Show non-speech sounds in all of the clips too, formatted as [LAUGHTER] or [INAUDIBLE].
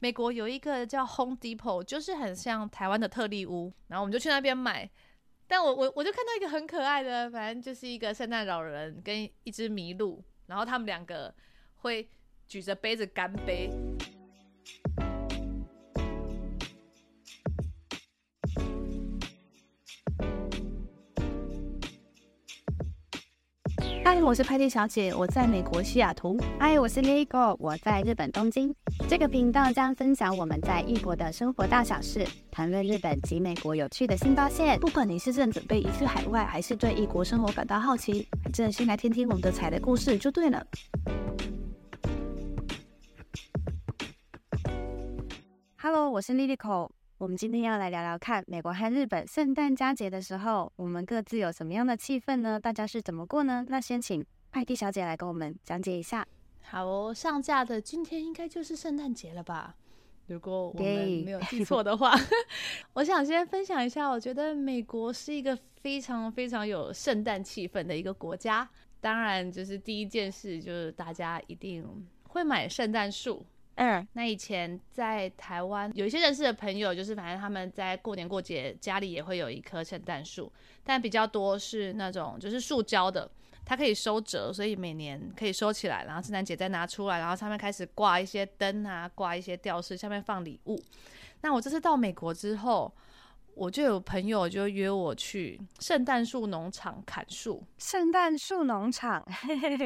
美國有一個叫 Home Depot，就是很像台灣的特力屋，然後我們就去那邊買。但我我我就看到一個很可愛的，反正就是一個聖誕老人跟一隻麋鹿，然後他們兩個會舉着杯子乾杯。嗨，Hi, 我是派蒂小姐，我在美國西雅圖。嗨，我是 Lilico，我在日本東京。這個頻道將分享我們在異國的生活大小事，談論日本及美國有趣的新發現。不管你是正準備移居海外，還是對異國生活感到好奇，反正先來聽聽我們的踩雷故事就對了。Hello，我是 Lilico 我們今天要來聊聊看美國和日本聖誕佳節的時候，我們各自有什麼樣的氣氛呢？大家是怎麼過呢？那先請派蒂小姐來跟我們講解一下。好哦，上架的今天應該就是聖誕節了吧？如果我們沒有記錯的話。對 [LAUGHS] 我想先分享一下，我覺得美國是一個非常非常有聖誕氣氛的一個國家。當然，就是第一件事就是大家一定會買聖誕樹。嗯，那以前在台灣有一些認識的朋友，就是反正他們在過年過節家裡也會有一棵聖誕樹，但比較多是那種就是塑膠的，它可以收折，所以每年可以收起來，然後聖誕節再拿出來，然後上面開始掛一些燈啊，掛一些吊飾，下面放禮物。那我這次到美國之後，我就有朋友就約我去聖誕樹農場砍樹，聖誕樹農場，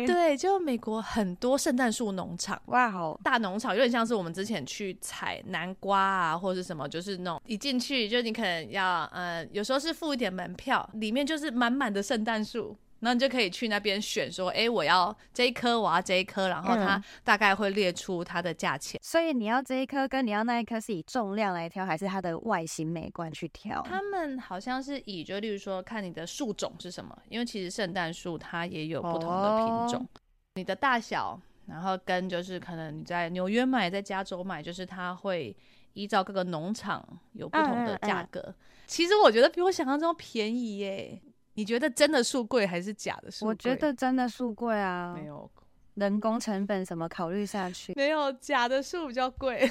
對，就美國很多聖誕樹農場，哇吼，大農場有點像是我們之前去採南瓜啊，或者是什麼，就是那種一進去就你可能要，嗯，有時候是付一點門票，裡面就是滿滿的聖誕樹。那你就可以去那邊選，說，哎、欸，我要這一棵，我要這一棵，然後它大概會列出它的價錢。嗯、所以你要這一棵跟你要那一棵是以重量來挑，還是它的外形美觀去挑？他們好像是以，就例如說看你的樹種是什麼，因為其實聖誕樹它也有不同的品種，哦、你的大小，然後跟就是可能你在紐約買，在加州買，就是它會依照各個農場有不同的價格。啊啊啊其實我覺得比我想象中便宜耶、欸。你覺得真的樹貴還是假的樹貴？我覺得真的樹貴啊，沒有人工成本什麼考慮下去， [LAUGHS] 沒有假的樹比較貴，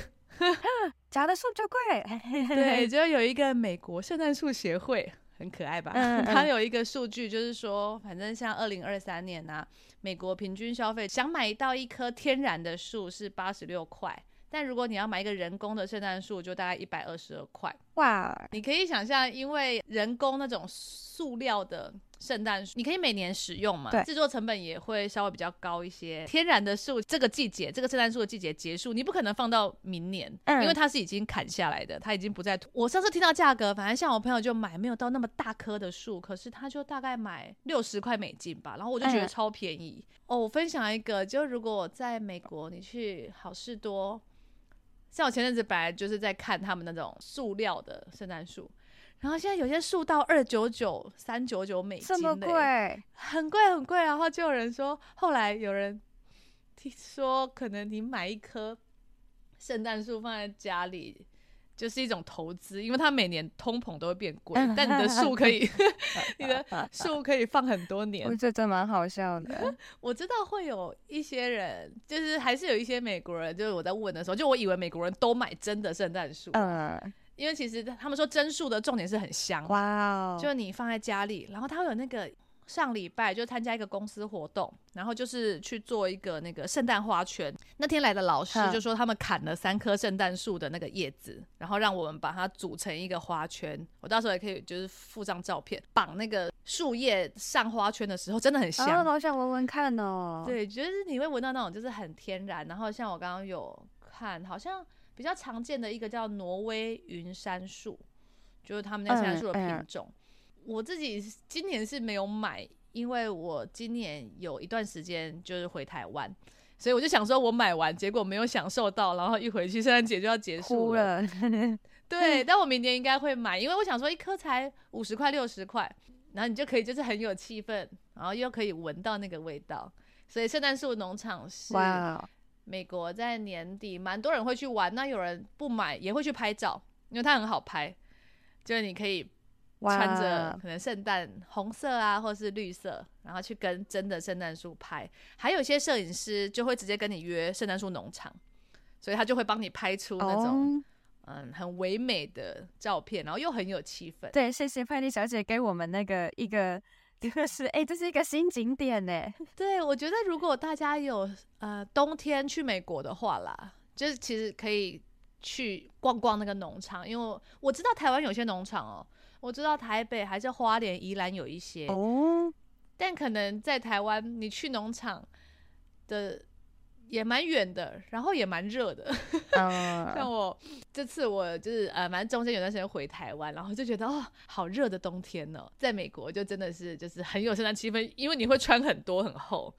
假的樹就貴。 [LAUGHS] 比較貴 [LAUGHS] 對，就有一個美國聖誕樹協會，很可愛吧？它、嗯嗯、有一個數據，就是說，反正像二零二三年吶、啊，美國平均消費想買到一棵天然的樹是八十六塊，但如果你要買一個人工的聖誕樹，就大概一百二十二塊。Wow. 你可以想象，因為人工那種塑料的聖誕樹，你可以每年使用嘛？對制作成本也會稍微比較高一些。天然的樹，這個季節，這個聖誕樹的季節結束，你不可能放到明年，嗯、因為它是已經砍下來的，它已經不再吐。我上次聽到價格，反正像我朋友就買沒有到那麼大棵的樹，可是他就大概買六十塊美金吧，然後我就覺得超便宜哦。嗯 oh, 我分享一個，就如果我在美國你去好事多。像我前陣子本來就是在看他們那種塑料的聖誕樹，然後現在有些樹到二九九、三九九美金這麼貴，很貴很貴。然後就有人說，後來有人聽說，可能你買一棵聖誕樹放在家裡。就是一種投資，因為它每年通膨都會變貴，但你的樹可以， [LAUGHS] [LAUGHS] 你的樹可以放很多年，我覺得真蠻好笑的。 [LAUGHS] 我知道會有一些人，就是還是有一些美國人，就是我在問的時候，就我以為美國人都買真的聖誕樹，嗯、呃，因為其實他們說真樹的重點是很香，哇哦，就是你放在家裡，然後它會有那個。上禮拜就參加一個公司活動，然後就是去做一個那個聖誕花圈。那天來的老師就說，他們砍了三棵聖誕樹的那個葉子，然後讓我們把它組成一個花圈。我到時候也可以就是附張照片，綁那個樹葉上花圈的時候真的很香，好、哦、想聞聞看哦。對，就是你會聞到那種就是很天然。然後像我剛剛有看，好像比較常見的一個叫挪威雲杉樹，就是他們那聖誕樹的品種。嗯嗯我自己今年是沒有買，因為我今年有一段時間就是回台灣，所以我就想說我買完，結果沒有享受到，然後一回去聖誕節就要結束了。哭了。 [LAUGHS] 對，但我明年應該會買，因為我想說一顆才五十塊六十塊，然後你就可以就是很有氣氛，然後又可以聞到那個味道。所以聖誕樹農場是美國在年底蠻多人會去玩，那有人不買也會去拍照，因為它很好拍，就是你可以。穿着可能聖誕紅色啊，或是綠色，然後去跟真的聖誕樹拍。還有些攝影師就會直接跟你約聖誕樹農場，所以他就會幫你拍出那種嗯很唯美的照片，然後又很有氣氛。對，謝謝派麗小姐給我們那個一個，一個是哎，這是一個新景點呢。對，我覺得如果大家有呃冬天去美國的話啦，就是其實可以去逛逛那個農場，因為我知道台灣有些農場哦。我知道台北還是花蓮、宜蘭有一些，哦、但可能在台灣，你去農場的也蠻遠的，然後也蠻熱的。 [LAUGHS] 像我這次，我就是呃，蠻中間有段時間回台灣，然後就覺得哦，好熱的冬天哦。在美國就真的是就是很有聖誕氣氛，因為你會穿很多很厚，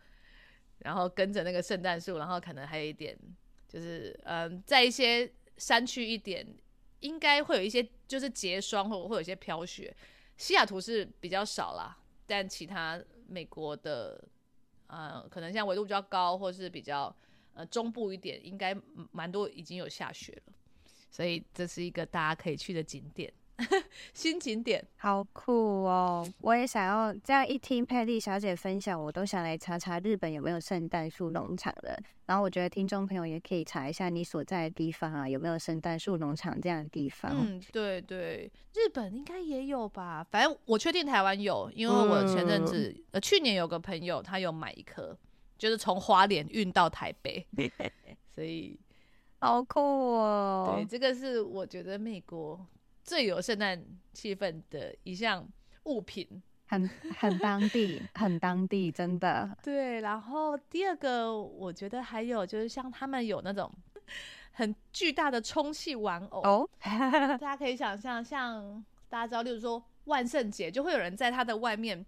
然後跟着那個聖誕樹，然後可能還有一點就是嗯、呃，在一些山區一點。應該會有一些，就是結霜，或者會有一些飄雪。西雅圖是比較少啦，但其他美國的呃，可能像緯度比較高，或是比較呃中部一點，應該蠻多已經有下雪了。所以這是一個大家可以去的景點。 [LAUGHS] 新景點好酷哦！我也想要這樣一聽佩麗小姐分享，我都想來查查日本有沒有聖誕樹農場了。然後我覺得聽眾朋友也可以查一下你所在的地方啊，有沒有聖誕樹農場這樣的地方。嗯，對對，日本應該也有吧？反正我確定台灣有，因為我前陣子呃、嗯、去年有個朋友他有買一棵，就是從花蓮運到台北， [LAUGHS] 所以好酷哦！對，這個是我覺得美國。最有聖誕氣氛的一項物品，很很當地， [LAUGHS] 很當地，真的。對，然後第二個，我覺得還有就是像他們有那種很巨大的充氣玩偶，oh? [LAUGHS] 大家可以想象，像大家知道，例如說萬聖節就會有人在他的外面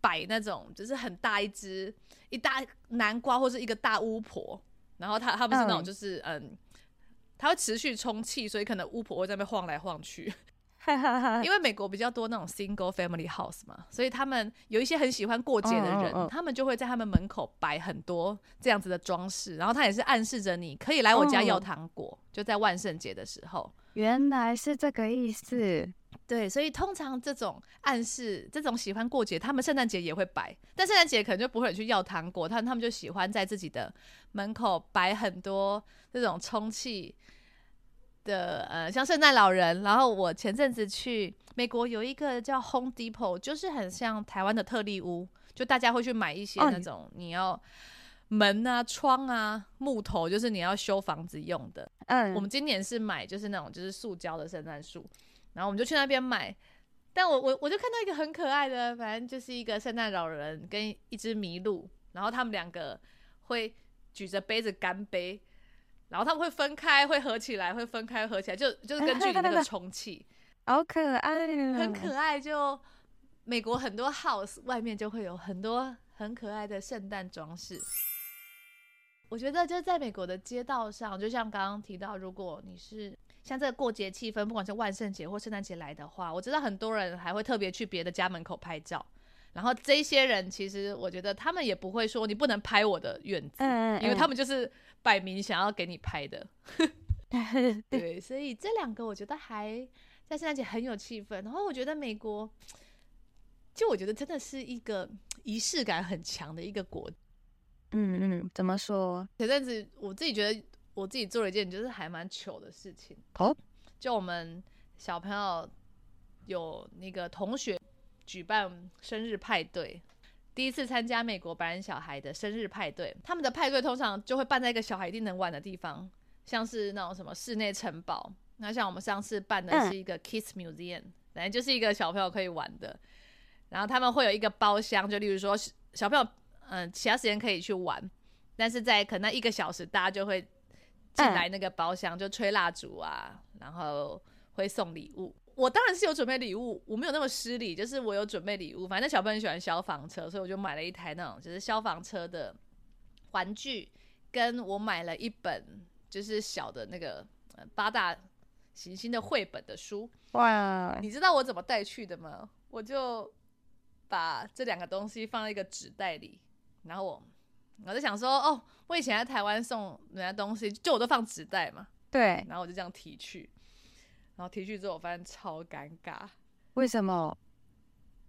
擺那種，就是很大一隻一大南瓜或是一個大巫婆，然後他他不是那種就是、um. 嗯。它會持續充氣，所以可能巫婆會在那邊晃來晃去。 [LAUGHS] 因為美國比較多那種 single family house 嘛，所以他們有一些很喜歡過節的人，oh, oh, oh. 他們就會在他們門口擺很多這樣子的裝飾，然後它也是暗示着你可以來我家要糖果，oh. 就在萬聖節的時候。原來是這個意思。對，所以通常這種暗示，這種喜歡過節，他們聖誕節也會擺，但聖誕節可能就不會去要糖果，他他們就喜歡在自己的門口擺很多這種充氣的呃，像聖誕老人。然後我前陣子去美國，有一個叫 Home Depot，就是很像台灣的特力屋，就大家會去買一些那種你要門啊、窗啊、木頭，就是你要修房子用的。嗯，我們今年是買就是那種就是塑膠的聖誕樹。然後我們就去那邊買，但我我我就看到一個很可愛的，反正就是一個聖誕老人跟一，一隻麋鹿，然後他們兩個會舉着杯子乾杯，然後他們會分開，會合起來，會分開會合起來，就就是根據那個充氣，好可愛，很可愛就。就美國很多 house 外面就會有很多很可愛的聖誕裝飾，我覺得就在美國的街道上，就像剛剛提到，如果你是。像這個過節氣氛，不管是萬聖節或聖誕節來的話，我知道很多人還會特別去別的家門口拍照。然後這些人其實，我覺得他們也不會說你不能拍我的院子，嗯嗯嗯，因為他們就是擺明想要給你拍的。 [LAUGHS] 對，所以這兩個我覺得還在聖誕節很有氣氛。然後我覺得美國，就，我覺得真的是一個儀式感很強的一個國。嗯嗯，怎麼說？前陣子我自己覺得。我自己做了一件就是還蠻糗的事情。哦，就我們小朋友有那個同學舉辦生日派對，第一次參加美國白人小孩的生日派對。他們的派對通常就會辦在一個小孩一定能玩的地方，像是那種什麼室內城堡。那像我們上次辦的是一個 Kiss Museum，反正就是一個小朋友可以玩的。然後他們會有一個包廂，就例如說小朋友嗯、呃、其他時間可以去玩，但是在可能那一個小時大家就會。進來那個包廂就吹蠟燭啊，然後會送禮物。我當然是有準備禮物，我沒有那麼失禮，就是我有準備禮物。反正小朋友喜歡消防車，所以我就買了一台那種就是消防車的玩具，跟我買了一本就是小的那個八大行星的繪本的書。哇，Wow. 你知道我怎麼帶去的嗎？我就把這兩個東西放在一個紙袋裡，然後我我在想說，哦。我以前在台灣送人家東西，就我都放紙袋嘛。對，然後我就這樣提去，然後提去之後，我發現超尷尬。為什麼？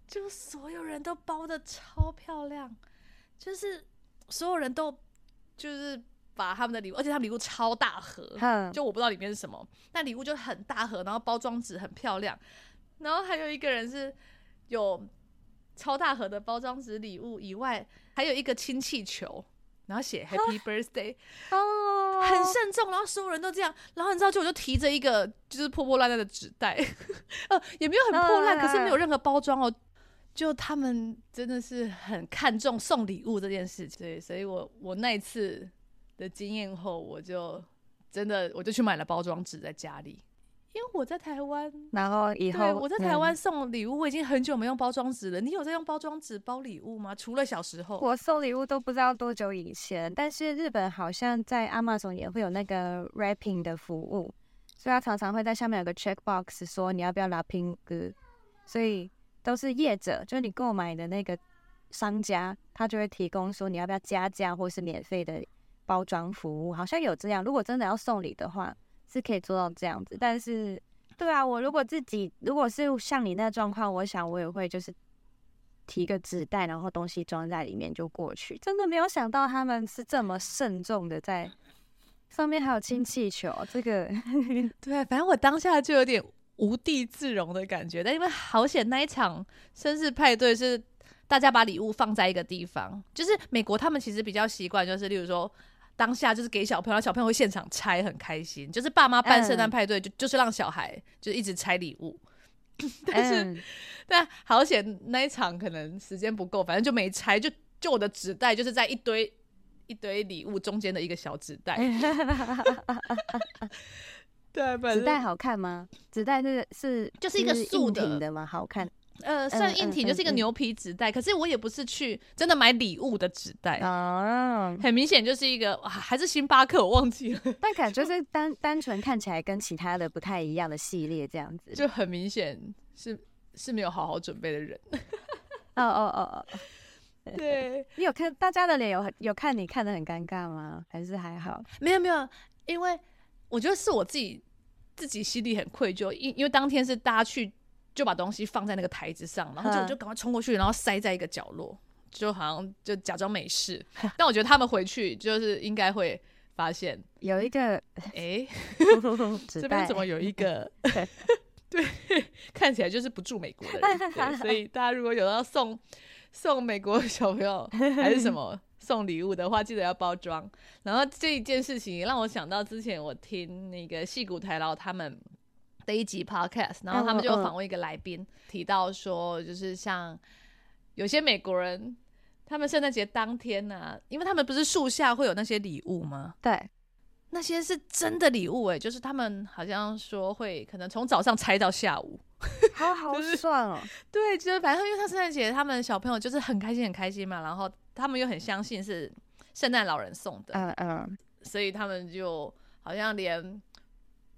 就所有人都包的超漂亮，就是所有人都就是把他們的禮物，而且他們禮物超大盒，嗯、就我不知道裡面是什麼，但禮物就很大盒，然後包裝紙很漂亮。然後還有一個人是有超大盒的包裝紙禮物以外，還有一個氫氣球。然後寫 Happy Birthday 哦，oh. oh. 很慎重，然後所有人都這樣，然後你知道就我就提着一個就是破破爛爛的紙袋、 [LAUGHS] 呃，也沒有很破爛，oh, right, right. 可是沒有任何包裝哦，就他們真的是很看重送禮物這件事情。對，所以我我那一次的經驗後，我就真的我就去買了包裝紙在家裡。因為我在台灣，然後以後對、嗯、我在台灣送禮物，我已經很久沒用包裝紙了。你有在用包裝紙包禮物嗎？除了小時候，我送禮物都不知道多久以前。但是日本好像在 Amazon 也會有那個 wrapping 的服務，所以他常常會在下面有個 checkbox，說你要不要 wrapping。所以都是業者，就是你購買的那個商家，他就會提供說你要不要加價或是免費的包裝服務，好像有這樣。如果真的要送禮的話。是可以做到這樣子，但是，對啊，我如果自己如果是像你那狀況，我想我也會就是提個紙袋，然後東西裝在裡面就過去。真的沒有想到他們是這麼慎重的在，在上面還有氫氣球。嗯、這個， [LAUGHS] 對啊，反正我當下就有點無地自容的感覺。但因為好險那一場生日派對是大家把禮物放在一個地方，就是美國他們其實比較習慣，就是例如說。當下就是給小朋友，小朋友會現場拆，很開心。就是爸媽辦聖誕派對，嗯、就就是讓小孩就一直拆禮物。但是，嗯、但好險那一場可能時間不夠，反正就沒拆。就就我的紙袋，就是在一堆一堆禮物中間的一個小紙袋。哈哈對，紙袋好看嗎？紙袋個是是就是一個是硬挺的嘛，好看。呃，算硬體就是一個牛皮紙袋，嗯嗯嗯、可是我也不是去真的買禮物的紙袋啊，很明顯就是一個哇還是星巴克，我忘記了，但感覺是單 [LAUGHS] 單純看起來跟其他的不太一樣的系列這樣子，就很明顯是是沒有好好準備的人。哦哦哦哦，哦哦對，你有看大家的臉有有看你看得很尷尬嗎？還是還好？沒有沒有，因為我覺得是我自己自己心裡很愧疚，因因為當天是大家去。就把東西放在那個台子上，然後就就趕快衝過去，然後塞在一個角落，就好像就假裝沒事。 [LAUGHS] 但我覺得他們回去就是應該會發現有一個，哎、欸， [LAUGHS] [LAUGHS] 這邊怎麼有一個？ [LAUGHS] 對，看起來就是不住美國的人。人。所以大家如果有要送送美國小朋友還是什麼送禮物的話，記得要包裝。然後這一件事情讓我想到之前我聽那個矽谷台勞他們。第一集 Podcast，然後他們就訪問一個來賓，嗯嗯，提到說，就是像有些美國人，他們聖誕節當天呢、啊，因為他們不是樹下會有那些禮物嗎？對，那些是真的禮物、欸，哎，就是他們好像說會可能從早上拆到下午，好好爽哦。 [LAUGHS] 就是、對，就是反正因為他聖誕節，他們小朋友就是很開心，很開心嘛，然後他們又很相信是聖誕老人送的，嗯嗯，所以他們就好像連。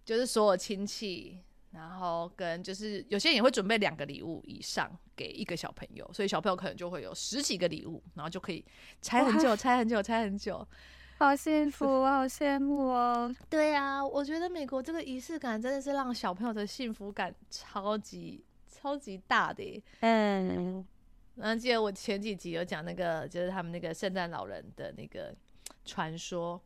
就是所有親戚，然後跟就是有些人也會準備兩個禮物以上給一個小朋友，所以小朋友可能就會有十幾個禮物，然後就可以拆很久，拆哇很久，拆很久，好幸福、哦，好羨慕哦。 [LAUGHS] 對呀、啊，我覺得美國這個儀式感真的是讓小朋友的幸福感超級超級大的。嗯，然後記得我前幾集有講那個，就是他們那個聖誕老人的那個傳說。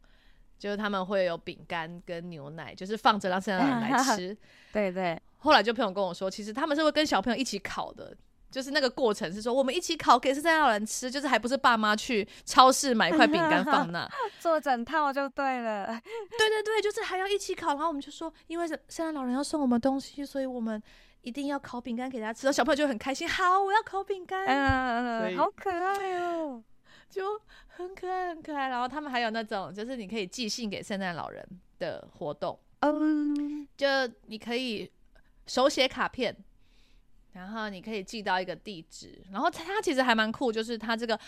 就是他們會有餅乾跟牛奶，就是放着讓聖誕老人來吃。 [LAUGHS] 對對，對，後來就朋友跟我說，其實他們是會跟小朋友一起烤的，就是那個過程是說我們一起烤給聖誕老人吃，就是還不是爸媽去超市買一塊餅乾放那 [LAUGHS] 做整套就對了。 [LAUGHS] 對對對，就是還要一起烤。然後我們就說，因為聖誕老人要送我們東西，所以我們一定要烤餅乾給大家吃。然後小朋友就很開心，好，我要烤餅乾，好可愛喲。 [LAUGHS] 就很可愛，很可愛。然後他們還有那種，就是你可以寄信給聖誕老人的活動。嗯，就你可以手寫卡片，然後你可以寄到一個地址。然後他他其實還蠻酷，就是他這個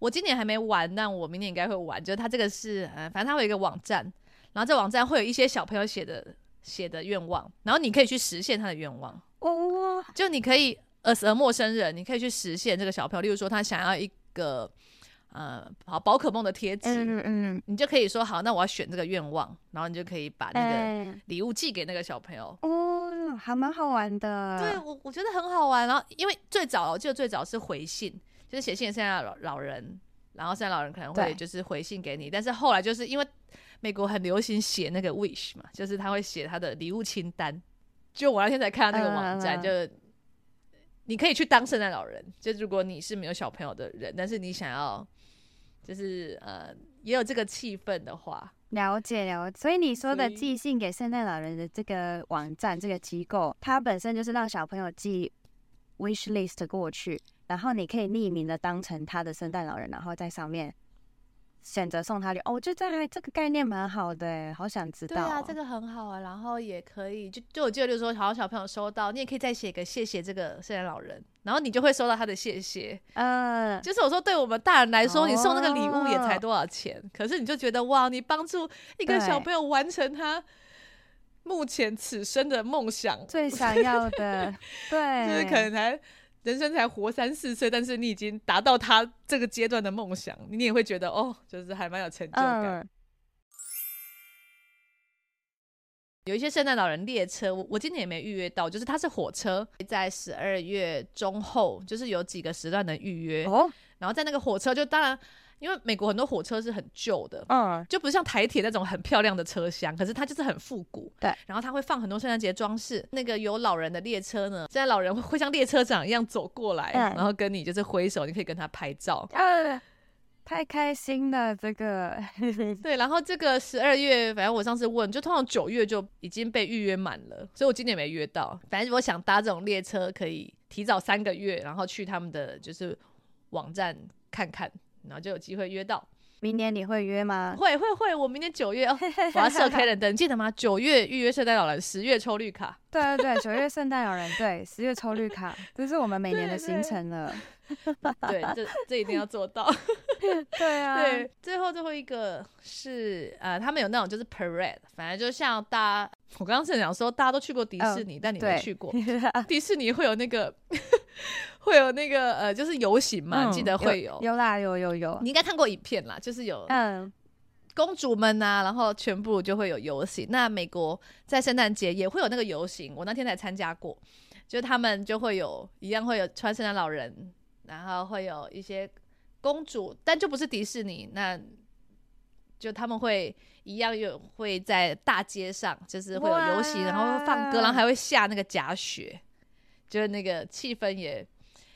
我今年還沒玩，但我明年應該會玩。就是他這個是，嗯，反正他會有一個網站，然後這網站會有一些小朋友寫的寫的願望，然後你可以去實現他的願望。哇哇哇，就你可以呃，陌生人，你可以去實現這個小朋友，例如說他想要一個。嗯，好，寶可夢的貼紙，嗯，嗯嗯，你就可以說好，那我要選這個願望，然後你就可以把那個禮物寄給那個小朋友，欸、哦，還蠻好玩的。對我，我覺得很好玩。然後，因為最早我記得最早是回信，就是寫信給聖誕老老人，然後聖誕老人可能會就是回信給你。對但是後來就是因為美國很流行寫那個 wish 嘛，就是他會寫他的禮物清單。就我那天才看到那個網站，呃、就你可以去當聖誕老人，就如果你是沒有小朋友的人，但是你想要。就是呃，也有這個氣氛的話，了解了。所以你說的寄信給聖誕老人的這個網站，是這個機構，它本身就是讓小朋友寄 wish list 過去，然後你可以匿名的當成他的聖誕老人，然後在上面選擇送他禮。哦，就在這個概念蠻好的，好想知道、啊。對啊，這個很好啊。然後也可以，就就我記得就是說，好好小朋友收到，你也可以再寫一個謝謝這個聖誕老人。然後你就會收到他的謝謝、呃，嗯，就是我說，對我們大人來說，你送那個禮物也才多少錢、哦，可是你就覺得哇，你幫助一個小朋友完成他目前此生的夢想對， [LAUGHS] 最想要的，對，就是可能才人生才活三四歲，但是你已經達到他這個階段的夢想，你你也會覺得哦，就是還蠻有成就感、呃。有一些聖誕老人列車，我，我今年也沒預約到。就是它是火車，在十二月中後，就是有幾個時段能預約。哦，然後在那個火車，就當然，因為美國很多火車是很舊的，嗯，就不像台鐵那種很漂亮的車廂，可是它就是很復古。對，然後它會放很多聖誕節裝飾。那個有老人的列車呢，聖誕老人會像列車長一樣走過來，嗯、然後跟你就是揮手，你可以跟他拍照。嗯嗯太開心了，這個 [LAUGHS] 對，然後這個十二月，反正我上次問，就通常九月就已經被預約滿了，所以我今年沒約到。反正我想搭這種列車，可以提早三個月，然後去他們的就是網站看看，然後就有機會約到。明年你會約嗎？會會會，我明年九月哦，我要設開了，燈， [LAUGHS] 你記得嗎？九月預約聖誕老人，十月抽綠卡。對對對，九月聖誕老人， [LAUGHS] 對，十月抽綠卡，這是我們每年的行程了。對對 [LAUGHS] 對，這這一定要做到。對啊，對，最後最後一個是呃，他們有那種就是 parade，反正就像大家，我剛剛是想說大家都去過迪士尼，嗯、但你沒去過。對迪士尼會有那個 [LAUGHS] [LAUGHS] 會有那個呃，就是遊行嘛，嗯、記得會有，有。有啦，有有有。你應該看過影片啦，就是有嗯，公主們啊，然後全部就會有遊行。嗯、那美國在聖誕節也會有那個遊行，我那天才參加過，就是他們就會有，一樣會有穿聖誕老人。然後會有一些公主，但就不是迪士尼，那就他們會一樣，有，會在大街上，就是會有遊行，哇然後放歌，然後還會下那個假雪，就是那個氣氛也，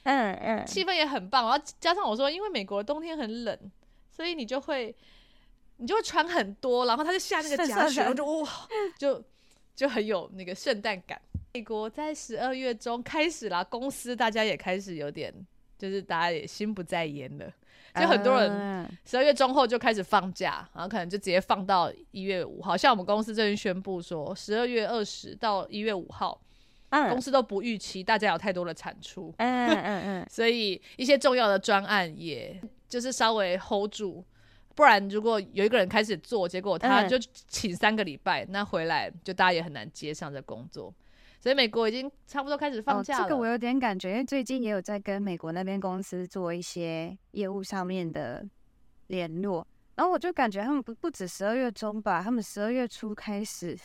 嗯嗯，嗯氣氛也很棒。然後加上我說，因為美國冬天很冷，所以你就會你就會穿很多，然後他就下那個假雪，然後就哇，就就很有那個聖誕感。 [LAUGHS] 美國在十二月中開始啦，公司大家也開始有點。就是大家也心不在焉了，就很多人十二月中後就開始放假，uh, 然後可能就直接放到一月五號。像我們公司最近宣布說，十二月二十到一月五號，uh. 公司都不預期大家有太多的產出，嗯嗯嗯，所以一些重要的專案也就是稍微 hold 住，不然如果有一個人開始做，結果他就請三個禮拜，uh. 那回來就大家也很難接上這工作。所以美國已經差不多開始放假了。這個我有點感覺，因為最近也有在跟美國那邊公司做一些業務上面的聯絡，然後我就感覺他們不不止十二月中吧，他們十二月初開始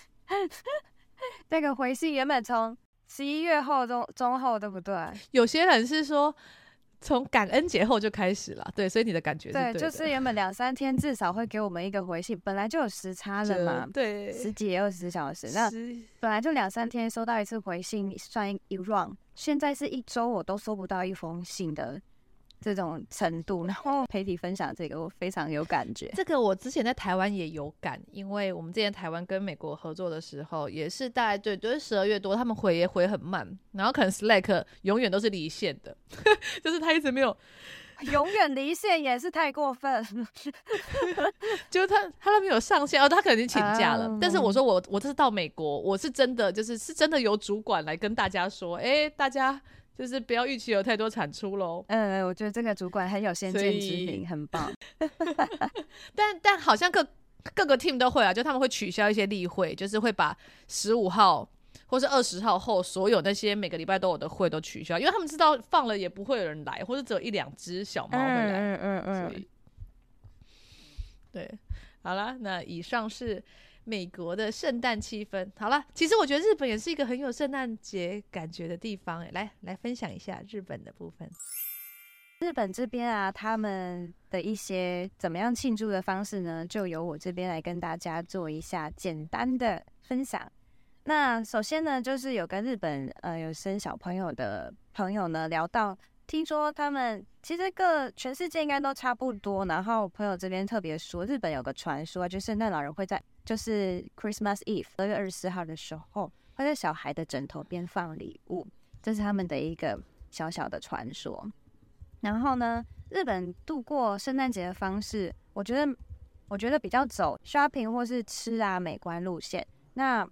那個回信，原本從十一月後中中後，對不對？有些人是說。從感恩節後就開始了，對，所以你的感覺是對的，對，就是原本兩三天至少會給我們一個回信，本來就有時差了嘛，對，十幾二十小時，那十本來就兩三天收到一次回信算一 round，現在是一周我都收不到一封信的。這種程度，然後佩蒂分享這個我非常有感覺。這個我之前在台灣也有感，因為我們之前台灣跟美國合作的時候，也是大概對，就是十二月多，他們回也回很慢，然後可能 Slack 永遠都是離線的呵呵，就是他一直沒有，永遠離線也是太過分。 [LAUGHS] 就是他他都沒有上線，哦，他肯定請假了。Uh、但是我說我我這次到美國，我是真的就是是真的由主管來跟大家說，哎、欸，大家。就是不要預期有太多產出嘍。嗯，我覺得這個主管很有先見之明，所以，很棒。 [LAUGHS] [LAUGHS] 但但好像各各個 team 都會啊，就他們會取消一些例會，就是會把十五號或是二十號後所有那些每個禮拜都有的會都取消，因為他們知道放了也不會有人來，或者只有一兩只小貓回來。嗯,嗯嗯嗯。所以，對，好了，那以上是。美國的聖誕氣氛好了，其實我覺得日本也是一個很有聖誕節感覺的地方欸。來來分享一下日本的部分。日本這邊啊，他們的一些怎麼樣慶祝的方式呢？就由我這邊來跟大家做一下簡單的分享。那首先呢，就是有跟日本呃有生小朋友的朋友呢聊到。聽說他們其實跟全世界應該都差不多，然後朋友這邊特別說，日本有個傳說，就是聖誕老人會在就是 Christmas Eve 十二月二十四號的時候會在小孩的枕頭邊放禮物，這是他們的一個小小的傳說。然後呢，日本度過聖誕節的方式，我覺得我覺得比較走 shopping 或是吃啊美觀路線。那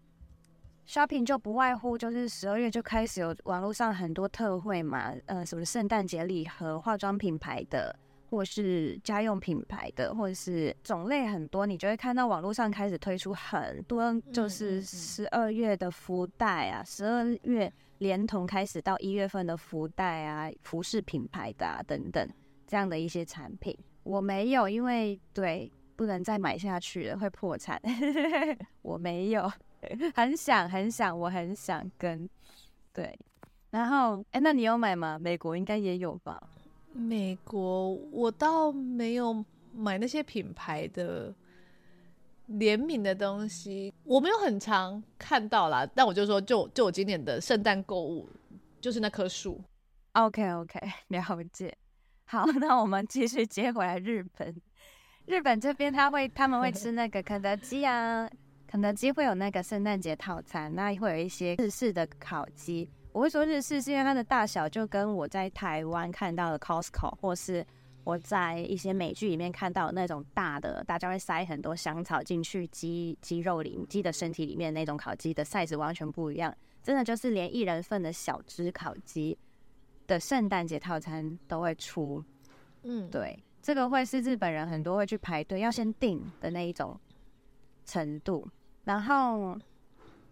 shopping 就不外乎就是十二月就開始有網絡上很多特惠嘛，呃，什麼聖誕節禮盒、化妝品牌的，或是家用品牌的，或者是種類很多，你就會看到網絡上開始推出很多，就是十二月的福袋啊，十二月連同開始到一月份的福袋啊，服飾品牌的啊等等這樣的一些產品。我沒有，因為，對，不能再買下去了，會破產。 [LAUGHS] 我沒有。很想很想，我很想跟，對，然後哎，那你有買嗎？美國應該也有吧？美國我倒沒有買那些品牌的聯名的東西，我沒有很常看到啦。但我就說就，就就我今年的聖誕購物，就是那棵樹。OK OK，了解。好，那我們繼續接回來日本。日本這邊他會他們會吃那個肯德基啊。 [LAUGHS] 肯德基會有那個聖誕節套餐，那會有一些日式的烤雞。我會說日式，是因為它的大小就跟我在台灣看到的 Costco 或是我在一些美劇裡面看到的那種大的，大家會塞很多香草進去雞雞肉裡雞的身體裡面那種烤雞的 size 完全不一樣。真的就是連一人份的小只烤雞的聖誕節套餐都會出。嗯，對，這個會是日本人很多會去排隊要先訂的那一種程度。然後，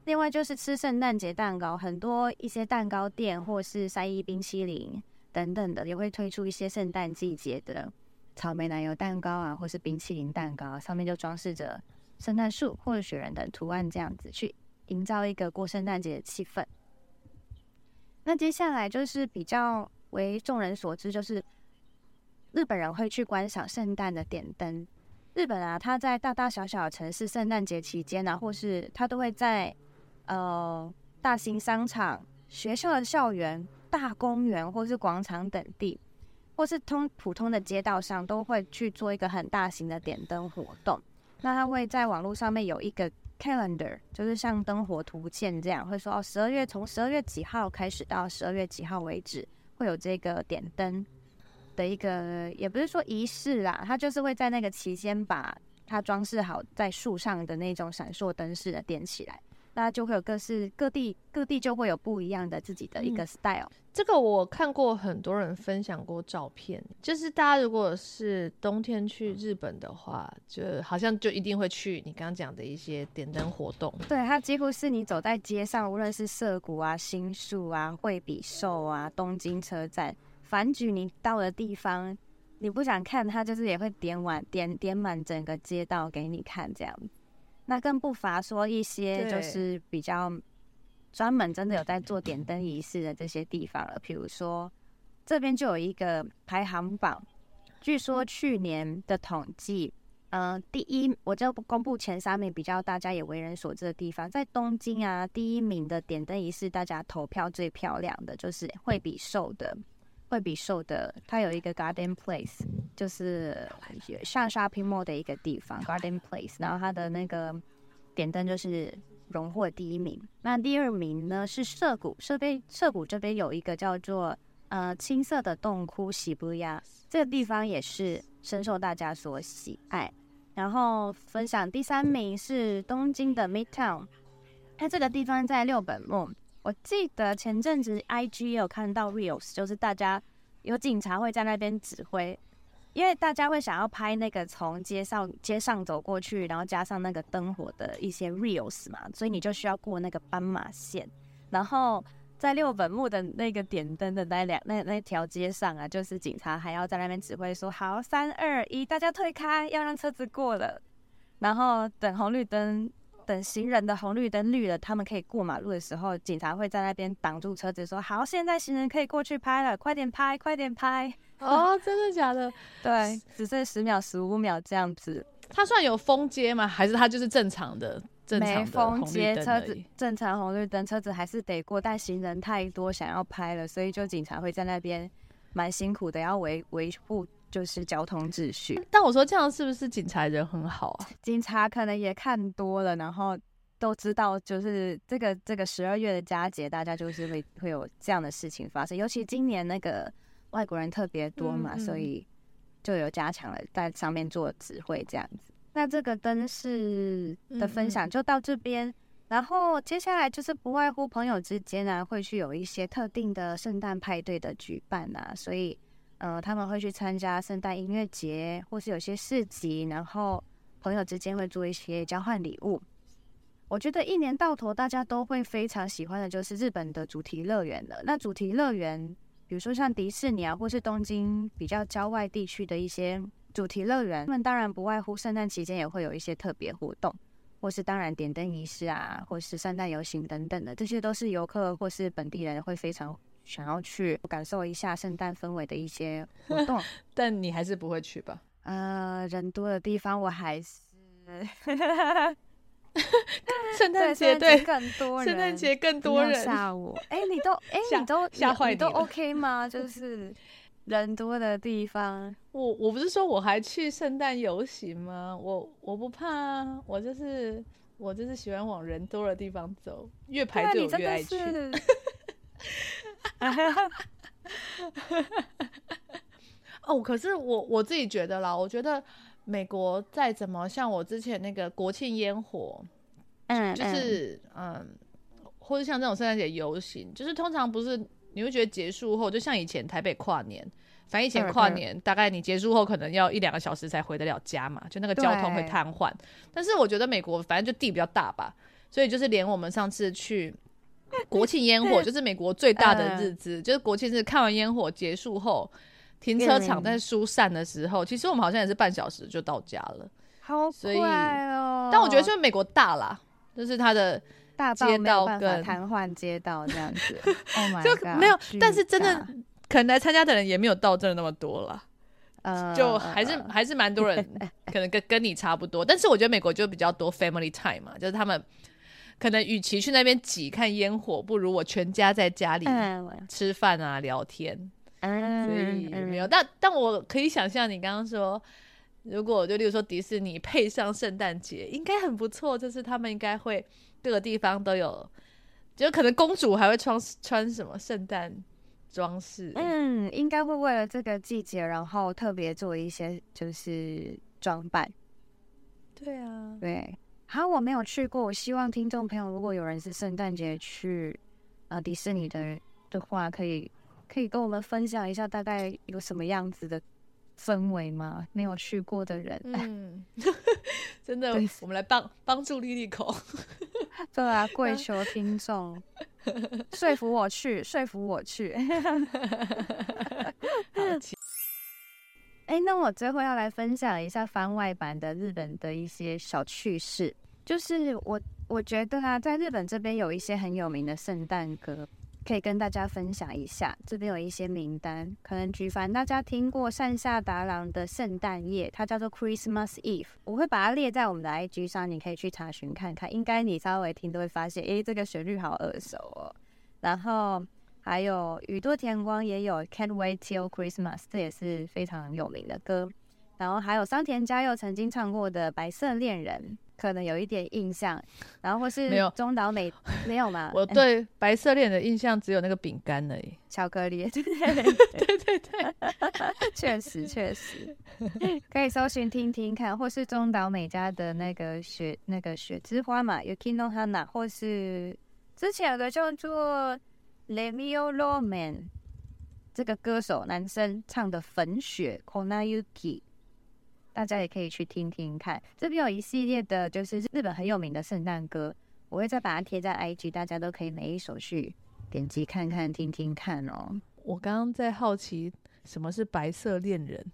另外就是吃聖誕節蛋糕，很多一些蛋糕店或是三一冰淇淋等等的，也會推出一些聖誕季節的草莓奶油蛋糕啊，或是冰淇淋蛋糕，上面就裝飾着聖誕樹或者雪人等圖案，這樣子去營造一個過聖誕節的氣氛。那接下來就是比較為眾人所知，就是日本人會去觀賞聖誕的點燈。日本啊，它在大大小小的城市聖誕節期間呢、啊，或是它都會在，呃，大型商場、學校的校園、大公園或是廣場等地，或是通普通的街道上，都會去做一個很大型的點燈活動。那它會在網絡上面有一個 calendar，就是像燈火圖鑑這樣，會說哦，十二月從十二月幾號開始到十二月幾號為止，會有這個點燈。的一個也不是說儀式啦，它就是會在那個期間把它裝飾好，在樹上的那種閃爍燈飾的點起來，那就會有各式各地各地就會有不一樣的自己的一個 style。嗯，這個我看過很多人分享過照片，就是大家如果是冬天去日本的話，就好像就一定會去你剛剛講的一些點燈活動。對，它幾乎是你走在街上，無論是澀谷啊、新宿啊、惠比壽啊、東京車站。反而，你到的地方，你不想看，他就是也會點完，點點滿整個街道給你看，這樣。那更不乏說一些就是比較專門真的有在做點燈儀式的這些地方了。對比如說，這邊就有一個排行榜，據說去年的統計，嗯、呃，第一，我就不公布前三名，比較大家也為人所知的地方，在東京啊，第一名的點燈儀式，大家投票最漂亮的，就是惠比壽的。惠比壽的，它有一個 Garden Place，就是上 shopping mall 的一個地方 Garden Place。然後它的那個點燈就是榮獲第一名。那第二名呢是澀谷，澀澀谷這邊有一個叫做呃青色的，洞窟喜布亞這個地方也是深受大家所喜愛。然後分享第三名是東京的 Midtown，它這個地方在六本木。我記得前陣子 IG 也有看到 reels，就是大家有警察會在那邊指揮，因為大家會想要拍那個從街上街上走過去，然後加上那個燈火的一些 reels 嘛，所以你就需要過那個斑馬線，然後在六本木的那個點燈的那兩那那條街上啊，就是警察還要在那邊指揮說，好三二一，3, 2, 1，大家退開，要讓車子過了，然後等紅綠燈。等行人的紅綠燈綠了，他們可以過馬路的時候，警察會在那邊擋住車子，說：“好，現在行人可以過去拍了，快點拍，快點拍。”哦，真的假的？ [LAUGHS] 對，只剩十秒、十五秒這樣子。它算有封街嗎？還是它就是正常的？正常的封街，車子正常紅綠燈，車子還是得過，但行人太多，想要拍了，所以就警察會在那邊蠻辛苦的要維維護。就是交通秩序，但我說這樣是不是警察人很好啊？警察可能也看多了，然後都知道，就是這個這個十二月的佳節，大家就是會會有這樣的事情發生，尤其今年那個外國人特別多嘛，嗯嗯，所以就有加強了在上面做指揮這樣子。那這個燈飾的分享就到這邊，嗯嗯，然後接下來就是不外乎朋友之間啊，會去有一些特定的聖誕派對的舉辦啊，所以。呃，他們會去參加聖誕音樂節，或是有些市集，然後朋友之間會做一些交換禮物。我覺得一年到頭大家都會非常喜歡的就是日本的主題樂園了。那主題樂園，比如說像迪士尼啊，或是東京比較郊外地區的一些主題樂園，他們當然不外乎聖誕期間也會有一些特別活動，或是當然點燈儀式啊，或是聖誕遊行等等的，這些都是遊客或是本地人會非常。想要去感受一下聖誕氛圍的一些活動，但你還是不會去吧？呃，人多的地方我還是。聖誕節，對，更多人，聖誕節更多人嚇我！哎、欸，你都哎，欸、嚇你都嚇壞你，你都 OK 嗎？就是人多的地方，我我不是說我還去聖誕遊行嗎？我我不怕，啊，我就是我就是喜歡往人多的地方走，越排隊越愛去。 [LAUGHS] 啊哈，哈哈哈哈哈哈！哦，可是我我自己覺得啦，我覺得美國再怎麼像我之前那個國慶煙火，嗯、就是嗯，或者像這種聖誕節遊行，就是通常不是你會覺得結束後，就像以前台北跨年，反正以前跨年大概你結束後可能要一兩個小時才回得了家嘛，就那個交通會癱瘓。對但是我覺得美國反正就地比較大吧，所以就是連我們上次去。 [LAUGHS] 國慶煙火就是美國最大的日子， [LAUGHS] uh, 就是國慶是看完煙火結束後，停車場在疏散的時候，其實我們好像也是半小時就到家了，好快哦，所以。但我覺得是美國大啦，就是它的大街道跟癱瘓，大街道這樣子，就沒有，大但是真的可能來參加的人也沒有到這那麼多了，呃，uh, 就還是、uh, 還是蠻多人，可能跟跟你差不多， [LAUGHS] [LAUGHS] 但是我覺得美國就比較多 family time 嘛，就是他們。可能與其去那邊擠看煙火，不如我全家在家裡吃飯啊、嗯、聊天，嗯，所以沒有。但、嗯、那但我可以想象，你剛剛說，如果就例如說迪士尼配上聖誕節，應該很不錯。就是他們應該會各個地方都有，就可能公主還會穿穿什麼聖誕裝飾。嗯，應該會為了這個季節，然後特別做一些就是裝扮。對啊。對。好，我沒有去過。我希望聽眾朋友，如果有人是聖誕節去、呃、迪士尼的的話，可以可以跟我們分享一下大概有什麼樣子的氛圍嗎？沒有去過的人，嗯，啊、 [LAUGHS] 真的，對我們來幫幫助麗麗口。 [LAUGHS] 對啊，跪求聽眾 [LAUGHS] 說服我去，說服我去。 [LAUGHS] 哎、欸，那我最後要來分享一下番外版的日本的一些小趣事，就是我我覺得啊，在日本這邊有一些很有名的聖誕歌，可以跟大家分享一下。這邊有一些名單，可能舉凡大家聽過山下達郎的《聖誕夜》，它叫做 Christmas Eve，我會把它列在我們的 IG 上，你可以去查詢看看。應該你稍微聽都會發現，哎、欸，這個旋律好耳熟哦。然後。還有宇多田光也有 Can't Wait Till Christmas，這也是非常有名的歌。然後還有桑田佳祐曾經唱過的《白色戀人》，可能有一點印象。然後或是有中島美沒有嗎？有嘛，我對《白色戀人》的印象只有那個餅乾而已，巧克力。 [LAUGHS] 對對對，對，確 [LAUGHS] 實確實，可以搜尋聽，聽聽看，或是中島美嘉的那個《雪》那個《雪之花》嘛，有 Yuki no Hana，或是之前有個叫做。Remioromen 這個歌手，男生唱的《粉雪》Kona Yuki，大家也可以去聽聽看。這邊有一系列的，就是日本很有名的聖誕歌，我會再把它貼在 IG，大家都可以每一首去點擊看看、聽聽看哦。我剛剛在好奇什麼是白色戀人，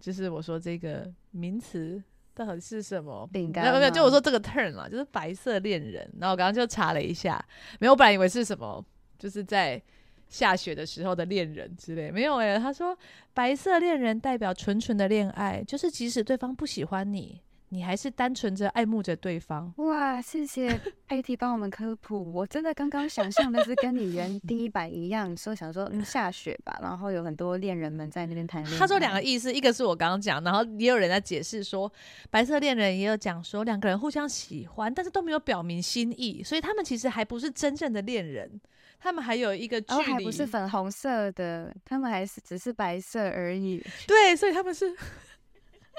就是我說這個名詞。到底是什麼？餅乾？沒有沒有，就我說這個 turn 嘛，就是白色戀人。然後我剛剛就查了一下，沒有。我本來以為是什麼，就是在下雪的時候的戀人之類。沒有誒、欸，他說白色戀人代表純純的戀愛，就是即使對方不喜歡你。你還是單純着愛慕着對方哇！謝謝艾迪幫我們科普， [LAUGHS] 我真的剛剛想象的是跟你原第一版一樣，說 [LAUGHS] 想說嗯，下雪吧，然後有很多戀人們在那邊談戀愛。他說兩個意思，一個是我剛剛講，然後也有人在解釋說白色戀人也有講說兩個人互相喜歡，但是都沒有表明心意，所以他們其實還不是真正的戀人，他們還有一個距離。哦，還不是粉紅色的，他們還是只是白色而已。 [LAUGHS] 對，所以他們是。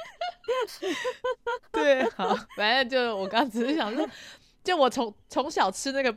[LAUGHS] [LAUGHS] 對，好，反正就我剛剛只是想說，就我從從小吃那個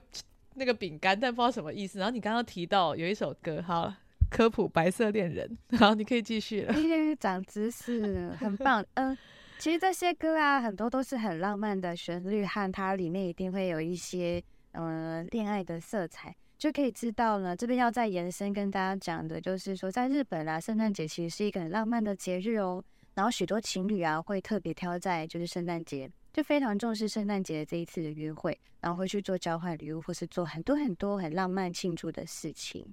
那個餅乾，但不知道什麼意思。然後你剛剛提到有一首歌，好科普《白色戀人》，好，你可以繼續了。今天長知識，很棒。 [LAUGHS] 嗯，其實這些歌啊，很多都是很浪漫的旋律，和它裡面一定會有一些嗯，呃，戀愛的色彩，就可以知道呢。這邊要再延伸跟大家講的就是說，在日本啊，聖誕節其實是一個很浪漫的節日哦。然後許多情侶啊，會特別挑在就是聖誕節，就非常重視聖誕節的這一次的約會，然後會去做交換禮物，或是做很多很多很浪漫慶祝的事情。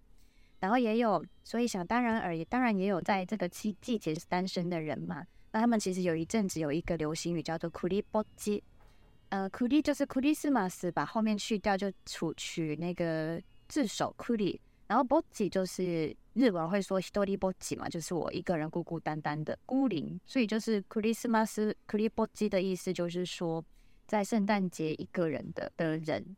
然後也有，所以想當然而已，當然也有在這個季季節是單身的人嘛，那他們其實有一陣子有一個流行語叫做“庫里波雞”，呃，庫里就是庫里斯馬斯，把後面去掉就除去那個字首庫里。然後，bocchi 就是日文會說 Hitori bocchi 嘛，就是我一個人孤孤單單的孤零，所以就是 Christmas クリぼっち的意思，就是說在聖誕節一個人的的人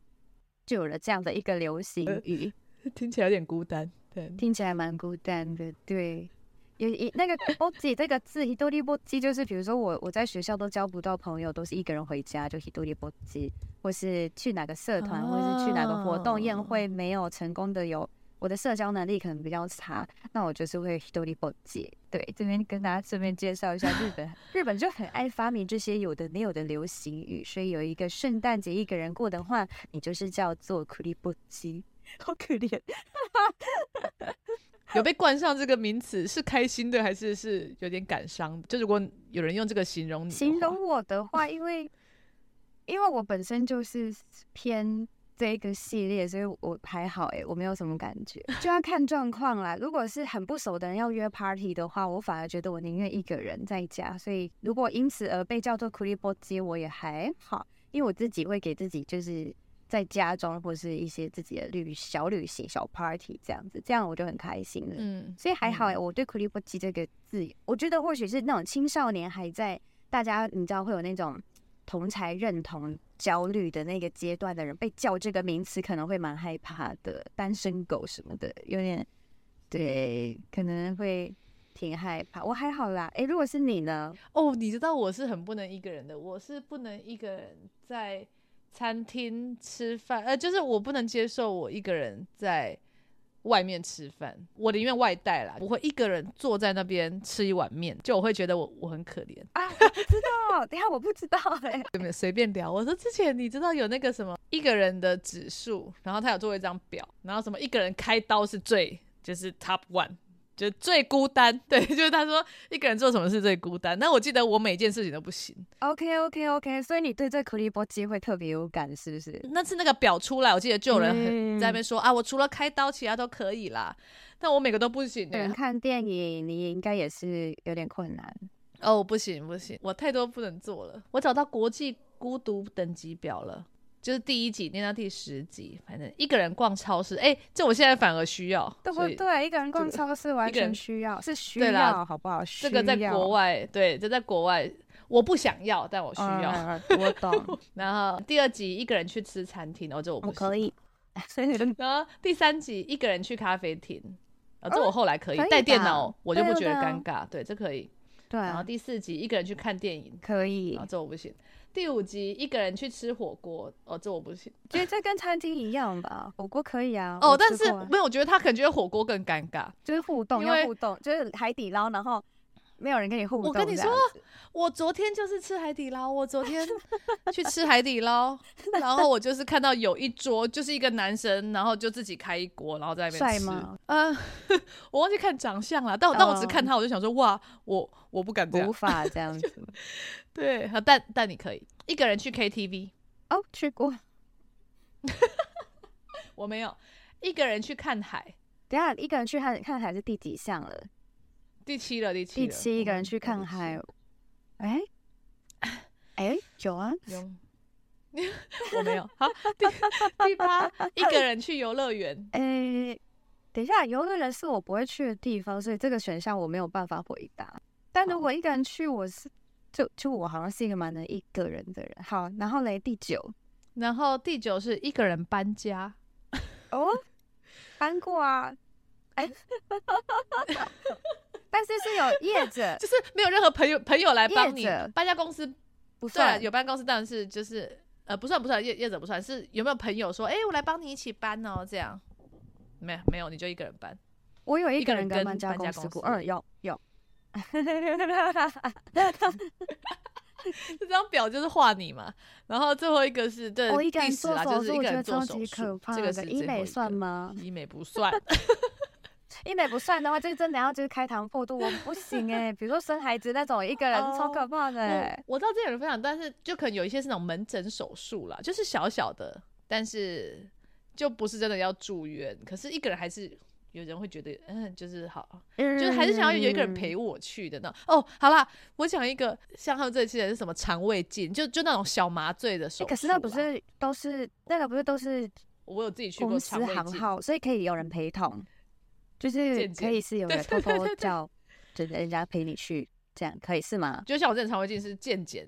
就有了這樣的一個流行語，呃、聽起來有點孤單，對，聽起來蠻孤單的，對，有一那個 bocchi [LAUGHS] 這個字 Hitori bocchi，就是比如說我我在學校都交不到朋友，都是一個人回家就 Hitori bocchi，或是去哪個社團，哦、或是去哪個活動宴會沒有成功的有。我的社交能力可能比較差，那我就是會ひとりぼっち。對，這邊跟大家順便介紹一下日本， [LAUGHS] 日本就很愛發明這些有的沒有的流行語，所以有一個聖誕節一個人過的話，你就是叫做クリぼっち。好可憐。 [LAUGHS] 有被冠上這個名詞是開心的，還是是有點感傷？就如果有人用這個形容你，形容我的話，因為因為我本身就是偏。這一個系列，所以我還好哎，我沒有什麼感覺，就要看狀況啦。如果是很不熟的人要約 party 的話，我反而覺得我寧願一個人在家。所以如果因此而被叫做“クリぼっち”，我也還好，嗯、因為我自己會給自己就是在家中或者是一些自己的旅小旅行小 party 這樣子，這樣我就很開心了。嗯，所以還好哎，我對“クリぼっち”這個字，我覺得或許是那種青少年還在大家你知道會有那種。同才認同焦慮的那個階段的人，被叫這個名詞可能會蠻害怕的，單身狗什麼的，有點對，可能會挺害怕。我還好啦，誒、欸，如果是你呢？哦，你知道我是很不能一個人的，我是不能一個人在餐廳吃飯，呃，就是我不能接受我一個人在。外面吃飯，我寧願外帶啦，我會一個人坐在那邊吃一碗麵，就我會覺得我我很可憐。啊，不知道，等下我不知道誒。你們隨便聊，我說之前你知道有那個什麼一個人的指數，然後他有做一張表，然後什麼一個人開刀是最就是 top one。覺得最孤單，對，就是他說一個人做什麼事最孤單。那我記得我每件事情都不行。OK OK OK，所以你對這苦力波機會特別有感，是不是？那次那個表出來，我記得就有人很在那邊說，mm. 啊，我除了開刀，其他都可以啦。但我每個都不行的。人看電影，你應該也是有點困難哦，oh, 不行不行，我太多不能做了。我找到國際孤獨等級表了。就是第一集念到第十集，反正一個人逛超市，哎，這我現在反而需要，對不對？一個人逛超市完全需要，是需要，好不好？這個在國外，對，就在國外，我不想要，但我需要，我懂。然後第二集一個人去吃餐廳，然後這我不可以。所以你的，然後第三集一個人去咖啡廳，啊，這我後來可以帶電腦，我就不覺得尷尬，對，這可以。對，然後第四集一個人去看電影，可以，啊，這我不行。第五集一個人去吃火鍋，哦，這我不行，覺得這跟餐廳一樣吧，火鍋可以啊。哦，啊、但是沒有，我覺得他可能覺得火鍋更尷尬，就是互動，因為互動，就是海底撈，然後沒有人跟你互動。我跟你說，我昨天就是吃海底撈，我昨天去吃海底撈， [LAUGHS] 然後我就是看到有一桌就是一個男生，然後就自己開一鍋，然後在那邊吃。帥嗎？嗯、呃，我忘記看長相了，但我、嗯、但我只看他，我就想說哇，我我不敢。無法這樣子。 [LAUGHS] 對，但但你可以一個人去 KTV 哦，去過，我沒有一個人去看海。等下，一個人去看看海是第幾項了？第七了，第七。第七，一個人去看海。哎哎，有啊，有用。 [LAUGHS] 我沒有。好，第第八，一個人去遊樂園。哎、 [LAUGHS] 欸，等一下，遊樂園是我不會去的地方，所以這個選項我沒有辦法回答。好但如果一個人去，我是。就就我好像是一個蠻能一個人的人，好，然後嘞，第九，然後第九是一個人搬家，哦，搬過啊，哎、欸， [LAUGHS] 但是是有業者，就是沒有任何朋友朋友來幫你者搬家公司不算，有搬公司當然是就是呃不算不算業業者不算，是有沒有朋友說哎、欸、我來幫你一起搬哦這樣，沒有沒有你就一個人搬，我有一個人跟搬家公司過、嗯，有有。哈哈哈哈哈！ [LAUGHS] [LAUGHS] 這張表就是畫你嘛，然後最後一個是對，第四啦，oh, 就是一個人做手術，這個是醫美算嗎？醫美不算， [LAUGHS] [LAUGHS] 醫美不算的話，就真的要就是開膛破肚，我不行誒、欸、 [LAUGHS] 比如說生孩子那種， [LAUGHS] 一個人超可怕的、欸 oh, 嗯。我知道這有人分享，但是就可能有一些是那種門診手術啦，就是小小的，但是就不是真的要住院，可是一個人還是。有人會覺得，嗯，就是好，就是還是想要有一個人陪我去的呢。嗯、哦，好啦。我想一個像他們這期人是什麼腸胃鏡，就就那種小麻醉的手術、欸。可是那不是都是那個不是都是？我有自己去做公司行號，所以可以有人陪同，就是可以是有人偷偷叫，就是人家陪你去，這樣可以是嗎？就像我這腸胃鏡是健檢，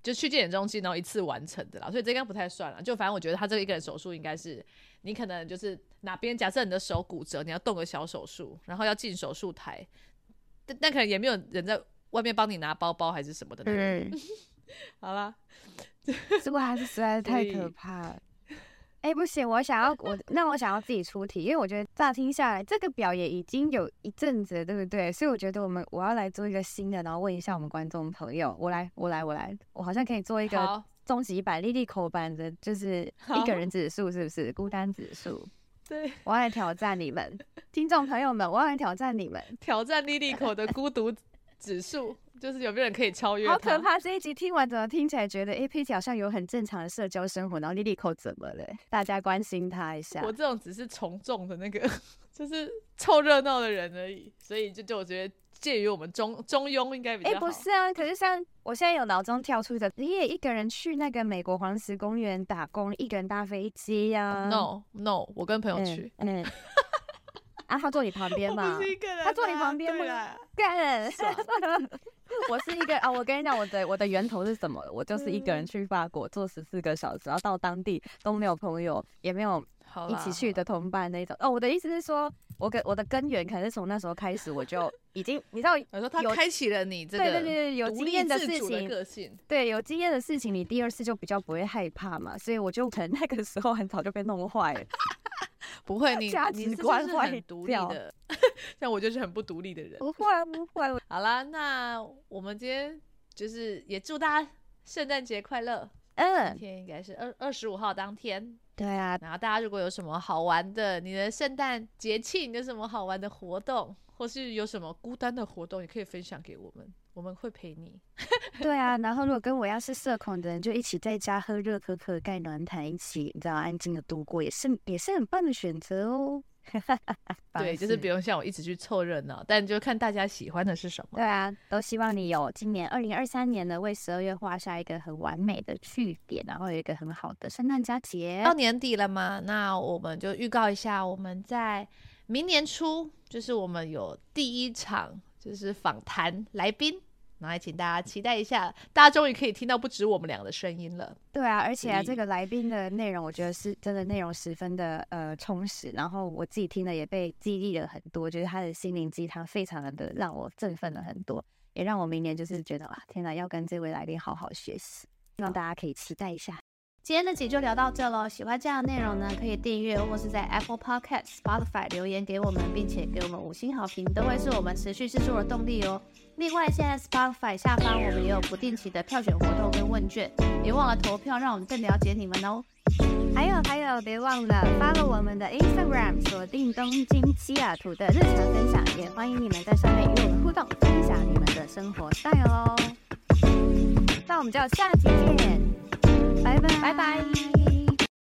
就去健檢中心，然後一次完成的啦，所以這應該不太算了。就反正我覺得他這個一個人手術，應該是你可能就是。哪邊？假設你的手骨折，你要動個小手術，然後要進手術台，但，但可能也沒有人在外面幫你拿包包還是什麼的。對、嗯、 [LAUGHS] 好了啦，是不還是實在是太可怕了。哎以、欸，不行，我想要我，那我想要自己出題， [LAUGHS] 因為我覺得乍聽下來這個表也已經有一陣子，對不對？所以我覺得我們我要來做一個新的，然後問一下我們觀眾朋友。我來，我來，我來，我好像可以做一個終極版、好立立口版的，就是一個人指數是不是好孤單指數？對我愛挑戰你們， [LAUGHS] 聽眾朋友們，我愛挑戰你們，挑戰莉莉口的孤獨指數， [LAUGHS] 就是有沒有人可以超越？好可怕！這一集聽完，怎麼聽起來覺得哎，佩奇好像有很正常的社交生活，然後莉莉口怎麼了？大家關心她一下。我這種只是從眾的那個，就是湊熱鬧的人而已，所以就就我覺得。介於我們中中庸，應該比較哎，欸、不是啊，可是像我現在有腦中跳出的，你也一個人去那個美國黃石公園打工，一個人搭飛機啊。Oh，No No，我跟朋友去。嗯，嗯 [LAUGHS] 啊，他坐你旁邊嗎？我不是一個人啊。他坐你旁邊嗎？我是一個啊，我跟你講我的我的源頭是什麼？我就是一個人去法國坐十四個小時，嗯、然後到當地都沒有朋友，也沒有。好好一起去的同伴那種哦，我的意思是說，我跟我的根源可能是從那時候開始，我就已經 [LAUGHS] 你知道我有，我他開啟了你這個的個性，對對對，有經驗的事情，對有經驗的事情，你第二次就比較不會害怕嘛，所以我就可能那個時候很早就被弄壞了， [LAUGHS] 不會你你 [LAUGHS] 是很獨立的， [LAUGHS] 像我就是很不獨立的人，不會、啊、不會、啊。 [LAUGHS] 好啦，那我們今天就是也祝大家聖誕節快樂，嗯，今天應該是二二十五號當天。對啊，然後大家如果有什麼好玩的，你的聖誕節慶有什麼好玩的活動，或是有什麼孤單的活動，也可以分享給我們，我們會陪你。 [LAUGHS] 對啊，然後如果跟我一樣是社恐的人，就一起在家喝熱可可蓋暖毯，一起你知道安靜的度過，也是也是很棒的選擇哦。 [LAUGHS] 式對，就是不用像我一直去湊熱鬧，但就看大家喜歡的是什麼。對啊，都希望你有今年二零二三年的為十二月畫下一個很完美的句點，然後有一個很好的聖誕佳節。到年底了嘛，那我們就預告一下，我們在明年初就是我們有第一場就是訪談來賓，那也請大家期待一下，大家終於可以聽到不止我們兩個的聲音了。對啊，而且啊，這個來賓的內容，我覺得是真的內容十分的呃充實。然後我自己聽了也被激勵了很多，就是他的心靈雞湯非常的讓我振奮了很多，嗯、也讓我明年就是覺得是哇，天哪，要跟這位來賓好好學習。希望大家可以期待一下。今天的集就聊到這嘍，喜歡這樣的內容呢，可以訂閱或是在 Apple Podcast、Spotify 留言給我們，並且給我們五星好評，都會是我們持續製作的動力哦。另外，現在 Spotify 下方我們也有不定期的票選活動跟問卷，別忘了投票，讓我們更了解你們哦。還有還有，別忘了 follow 我們的 Instagram，鎖定東京西雅圖的日常分享，也歡迎你們在上面與我們互動，分享你們的生活內容哦。那我們就下集見。拜拜，拜拜。